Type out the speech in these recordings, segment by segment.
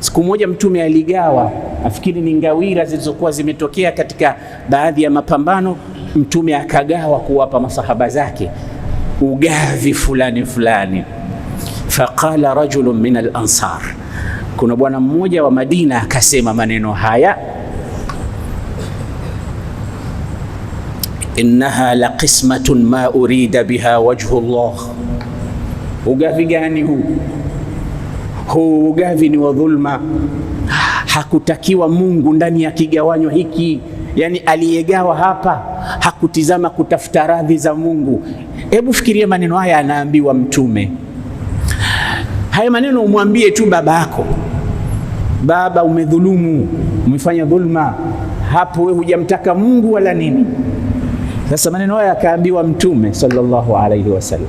Siku moja Mtume aligawa, nafikiri ni ngawira zilizokuwa zimetokea katika baadhi ya mapambano. Mtume akagawa kuwapa masahaba zake ugavi fulani fulani. Faqala rajulun min al-ansar, kuna bwana mmoja wa Madina akasema maneno haya, innaha la qismatun ma urida biha wajhu Allah. Ugavi gani huu? huu ugavi ni wa dhulma. Hakutakiwa Mungu ndani ya kigawanyo hiki, yani aliyegawa hapa hakutizama kutafuta radhi za Mungu. Hebu fikiria maneno haya anaambiwa Mtume. Haya maneno umwambie tu baba yako, baba, umedhulumu, umefanya dhulma hapo, wewe hujamtaka Mungu wala nini. Sasa maneno haya akaambiwa Mtume sallallahu alaihi wasallam,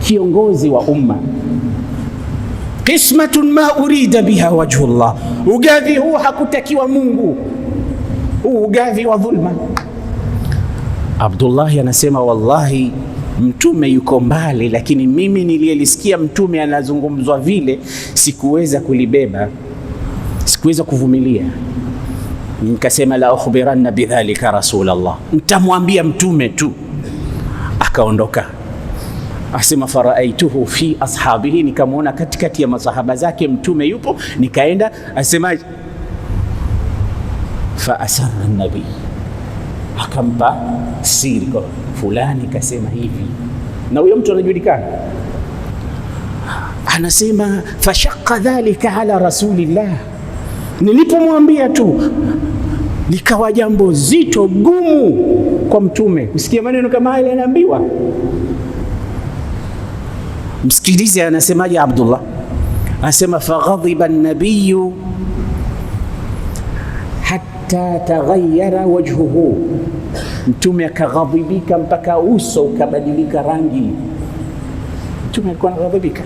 kiongozi wa umma qismatun ma urida biha wajhu Allah, ugavi huu hakutakiwa Mungu, huu ugavi wa dhulma. Abdullahi anasema wallahi, mtume yuko mbali, lakini mimi niliyelisikia mtume anazungumzwa vile sikuweza kulibeba, sikuweza kuvumilia, nikasema la ukhbiranna bidhalika rasulullah, ntamwambia mtume tu, akaondoka Asema faraaituhu fi ashabihi, nikamwona katikati ya masahaba zake mtume yupo, nikaenda. asema fa asarra nabii, akampa siri kwa fulani, kasema hivi, na huyo mtu anajulikana, anasema fashaqqa dhalika ala rasulillah, nilipomwambia tu likawa jambo zito gumu kwa mtume kusikia maneno kama yale yanaambiwa Msikilize anasemaje Abdullah, anasema faghadhiba nabiyu hatta taghayyara wajhuhu, mtume akaghadhibika mpaka uso ukabadilika rangi. Mtume alikuwa anaghadhibika.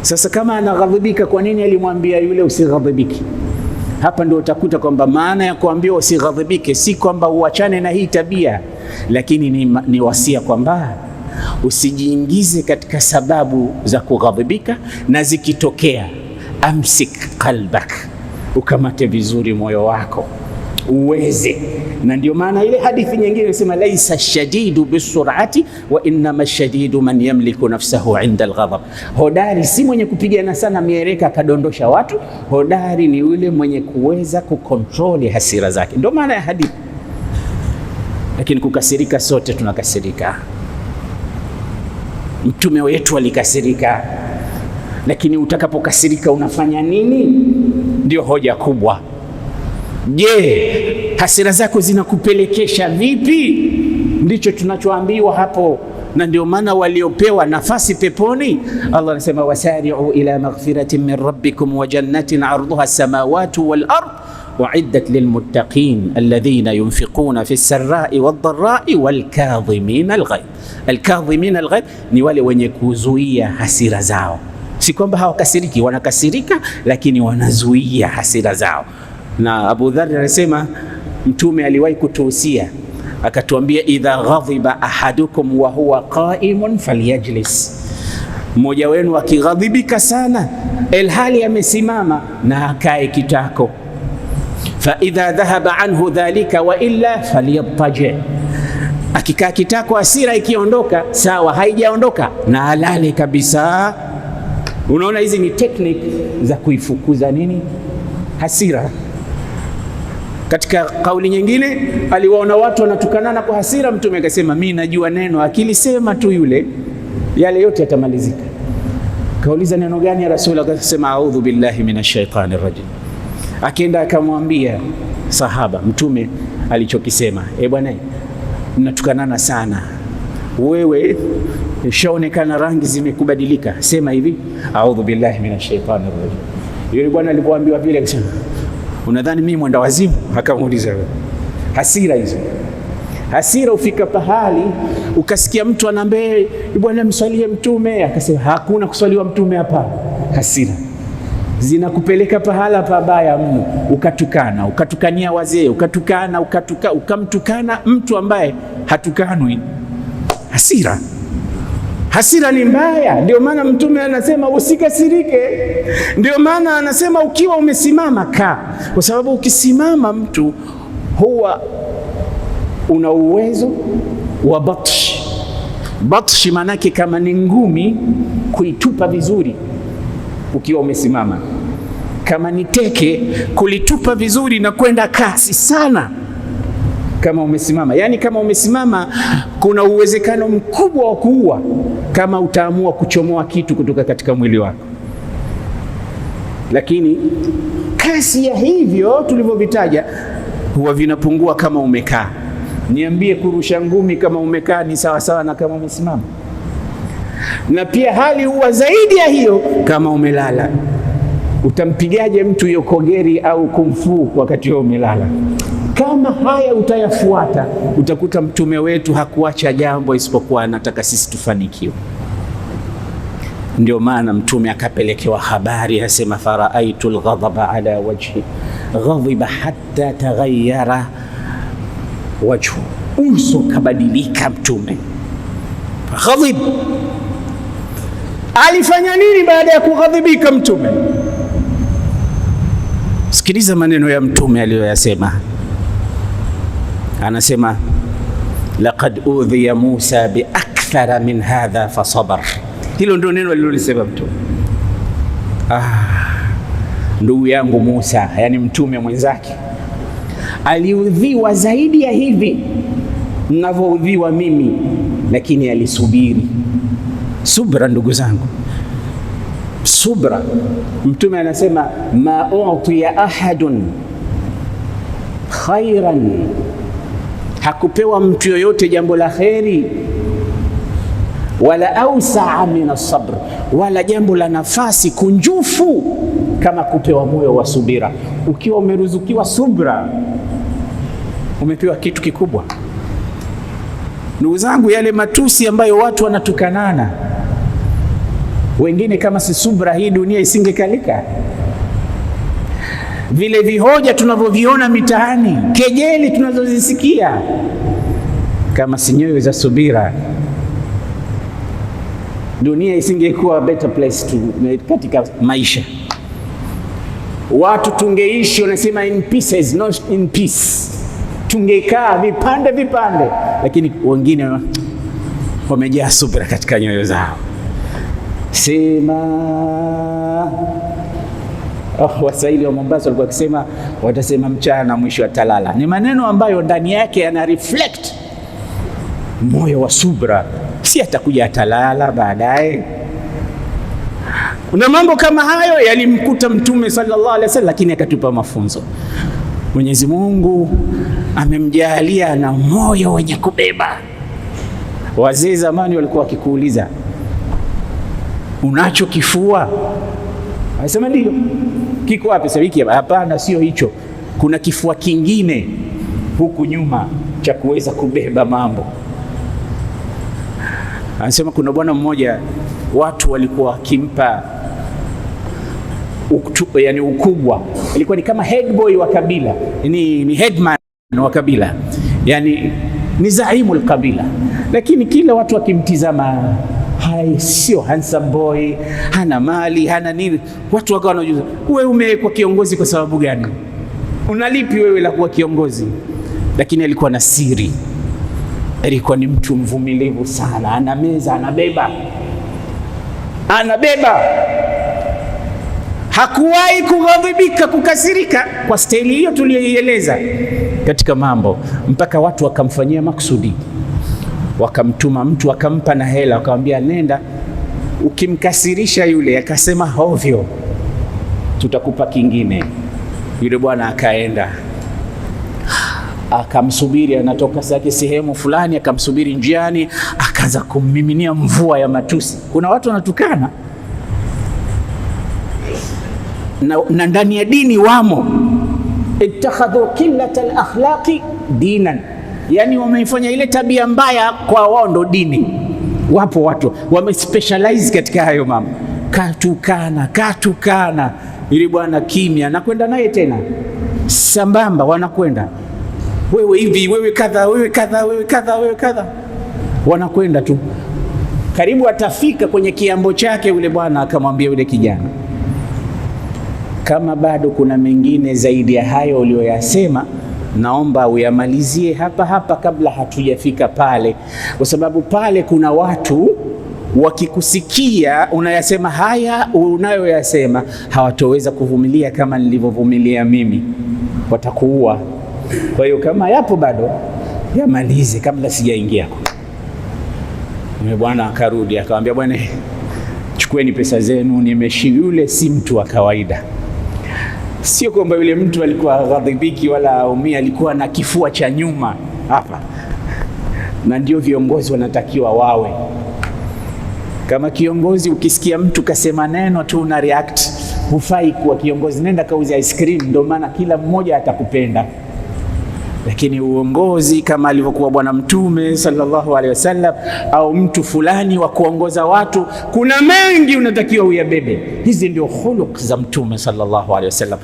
Sasa kama anaghadhibika, kwa nini alimwambia yule usighadhibiki? Hapa ndio utakuta kwamba maana ya kuambia usighadhibike si kwamba uachane na hii tabia, lakini ni, ni wasia kwamba usijiingize katika sababu za kughadhibika, na zikitokea amsik qalbak, ukamate vizuri moyo wako uweze. Na ndio maana ile hadithi nyingine inasema laisa shadidu bisurati wa innama shadidu man yamliku nafsahu inda alghadab, hodari si mwenye kupigana sana miereka akadondosha watu. Hodari ni yule mwenye kuweza kukontroli hasira zake, ndio maana ya hadithi. Lakini kukasirika, sote tunakasirika. Mtume wetu alikasirika, lakini utakapokasirika unafanya nini? Ndio hoja kubwa. Je, hasira zako zinakupelekesha vipi? Ndicho tunachoambiwa hapo, na ndio maana waliopewa nafasi peponi, Allah anasema wasari'u ila maghfiratin min rabbikum wa jannatin 'arduha as-samawati wal ardh waiddat lilmuttaqin alladhina yunfiquna fi sarai wadharai walkadhimina alghaidh. Alkadhimina alghaidh ni wale wenye kuzuia hasira zao, si kwamba hawakasiriki, wanakasirika, lakini wanazuia hasira zao. Na Abu Dhar anasema Mtume aliwahi kutuhusia akatuambia, idha ghadhiba ahadukum wa huwa qaimun falyajlis mmoja wenu akighadhibika sana, elhali amesimama na akae kitako faidha dhahaba anhu dhalika wa illa falyadtaji, akikaa kitako asira ikiondoka sawa, haijaondoka na alale kabisa. Unaona, hizi ni technique za kuifukuza nini hasira. Katika kauli nyingine, aliwaona watu wanatukanana kwa hasira, Mtume akasema mi najua neno akilisema tu yule yale yote yatamalizika. Kauliza neno gani ya Rasuli? Akasema audhu billahi minash shaitani rajim Akienda akamwambia sahaba mtume alichokisema, e bwana, mnatukanana sana wewe ishaonekana rangi zimekubadilika, sema hivi, audhu billahi minashaitani shaitani rajim. Yule bwana alipoambiwa vile akasema, unadhani mimi mwenda wazimu? Akamuuliza wewe. Hasira hizo, hasira ufika pahali ukasikia mtu anambee eh, bwana, mswalie mtume, akasema hakuna kuswaliwa mtume hapa. Hasira zinakupeleka pahala pabaya mno, ukatukana, ukatukania wazee, ukatukana, ukatuka, ukamtukana mtu ambaye hatukanwi. Hasira, hasira ni mbaya. Ndio maana Mtume anasema usikasirike. Ndio maana anasema ukiwa umesimama kaa, kwa sababu ukisimama mtu huwa una uwezo wa batshi. Batshi maanake kama ni ngumi, kuitupa vizuri ukiwa umesimama kama ni teke, kulitupa vizuri na kwenda kasi sana kama umesimama, yaani kama umesimama, kuna uwezekano mkubwa wa kuua kama utaamua kuchomoa kitu kutoka katika mwili wako. Lakini kasi ya hivyo tulivyovitaja huwa vinapungua kama umekaa. Niambie, kurusha ngumi kama umekaa ni sawa sawa na kama umesimama? Na pia hali huwa zaidi ya hiyo kama umelala. Utampigaje mtu hiyo kogeri au kumfu wakati huo umelala? Kama haya utayafuata, utakuta mtume wetu hakuacha jambo isipokuwa anataka sisi tufanikiwe. Ndio maana mtume akapelekewa habari, asema faraaitu lghadhaba ala wajhi ghadhiba hatta taghayara wajhu, uso kabadilika. Mtume ghadhib alifanya nini baada ya kughadhibika mtume Sikiliza maneno ya mtume aliyoyasema, anasema laqad udhiya Musa bi min hadha fa sabar. Hilo ndio neno alilolisema mtume. Ah, ndugu yangu Musa, yani mtume mwenzake aliudhiwa zaidi ya hivi mnavyoudhiwa mimi, lakini alisubiri subra, ndugu zangu subra. Mtume anasema ma utiya ahadun khairan, hakupewa mtu yoyote jambo la kheri wala ausaa min asabr, wala jambo la nafasi kunjufu kama kupewa moyo wa subira. Ukiwa umeruzukiwa subra, umepewa kitu kikubwa. Ndugu zangu, yale matusi ambayo watu wanatukanana wengine kama si subra, hii dunia isingekalika. Vile vihoja tunavyoviona mitaani, kejeli tunazozisikia, kama si nyoyo za subira, dunia isingekuwa better place to, katika maisha. Watu tungeishi wanasema in pieces, not in peace, tungekaa vipande vipande, lakini wengine wamejaa subira katika nyoyo zao sema. Oh, Waswahili wa Mombasa walikuwa wakisema watasema mchana na mwisho atalala. Ni maneno ambayo ndani yake yana reflect moyo wa subra, si atakuja atalala baadaye. kuna mambo kama hayo yalimkuta Mtume sallallahu alaihi wasallam, lakini akatupa mafunzo. Mwenyezi Mungu amemjalia na moyo wenye kubeba. Wazee zamani walikuwa wakikuuliza unacho kifua? Anasema ndio. Kiko wapi sasa hiki? Hapana, sio hicho, kuna kifua kingine huku nyuma cha kuweza kubeba mambo. Anasema kuna bwana mmoja watu walikuwa wakimpa uktu, yani ukubwa, alikuwa ni kama head boy wa kabila, ni, ni headman wa kabila, yani ni zaimu al-kabila, lakini kila watu wakimtizama hai, sio handsome boy, hana mali hana nini. Watu wakawa wanajuza, wewe umewekwa kiongozi kwa sababu gani? Unalipi wewe la kuwa kiongozi? Lakini alikuwa na siri, alikuwa ni mtu mvumilivu sana, ana meza anabeba, anabeba hakuwahi kughadhibika kukasirika, kwa staili hiyo tuliyoieleza katika mambo, mpaka watu wakamfanyia maksudi wakamtuma mtu akampa na hela, wakamwambia nenda, ukimkasirisha yule akasema hovyo, tutakupa kingine. Yule bwana akaenda akamsubiri, anatoka zake sehemu fulani, akamsubiri njiani, akaanza kummiminia mvua ya matusi. Kuna watu wanatukana na, na ndani ya dini wamo, ittakhadhu qillata akhlaqi dinan yani wameifanya ile tabia mbaya kwa wao ndo dini. Wapo watu wamespecialize katika hayo mambo, katukana katukana, ili bwana kimya, nakwenda naye tena sambamba, wanakwenda wewe hivi, wewe kadha, wewe kadha, wewe kadha, wewe kadha, wanakwenda tu karibu atafika kwenye kiambo chake, yule bwana akamwambia yule kijana, kama bado kuna mengine zaidi ya hayo uliyoyasema naomba uyamalizie hapa hapa kabla hatujafika pale, kwa sababu pale kuna watu wakikusikia unayasema haya unayoyasema, hawatoweza kuvumilia kama nilivyovumilia mimi, watakuua. Kwa hiyo kama yapo bado yamalize kabla sijaingia. Bwana akarudi akamwambia, bwana, chukueni pesa zenu, nimeshi yule si mtu wa kawaida Sio kwamba yule mtu alikuwa ghadhibiki wala aumia, alikuwa na kifua cha nyuma hapa, na ndio viongozi wanatakiwa wawe. Kama kiongozi ukisikia mtu kasema neno tu una react, hufai kuwa kiongozi. Nenda kauze ice cream, ndio maana kila mmoja atakupenda. Lakini uongozi kama alivyokuwa Bwana Mtume sallallahu alaihi wasallam, au mtu fulani wa kuongoza watu, kuna mengi unatakiwa uyabebe. Hizi ndio khuluq za Mtume sallallahu alaihi wasallam.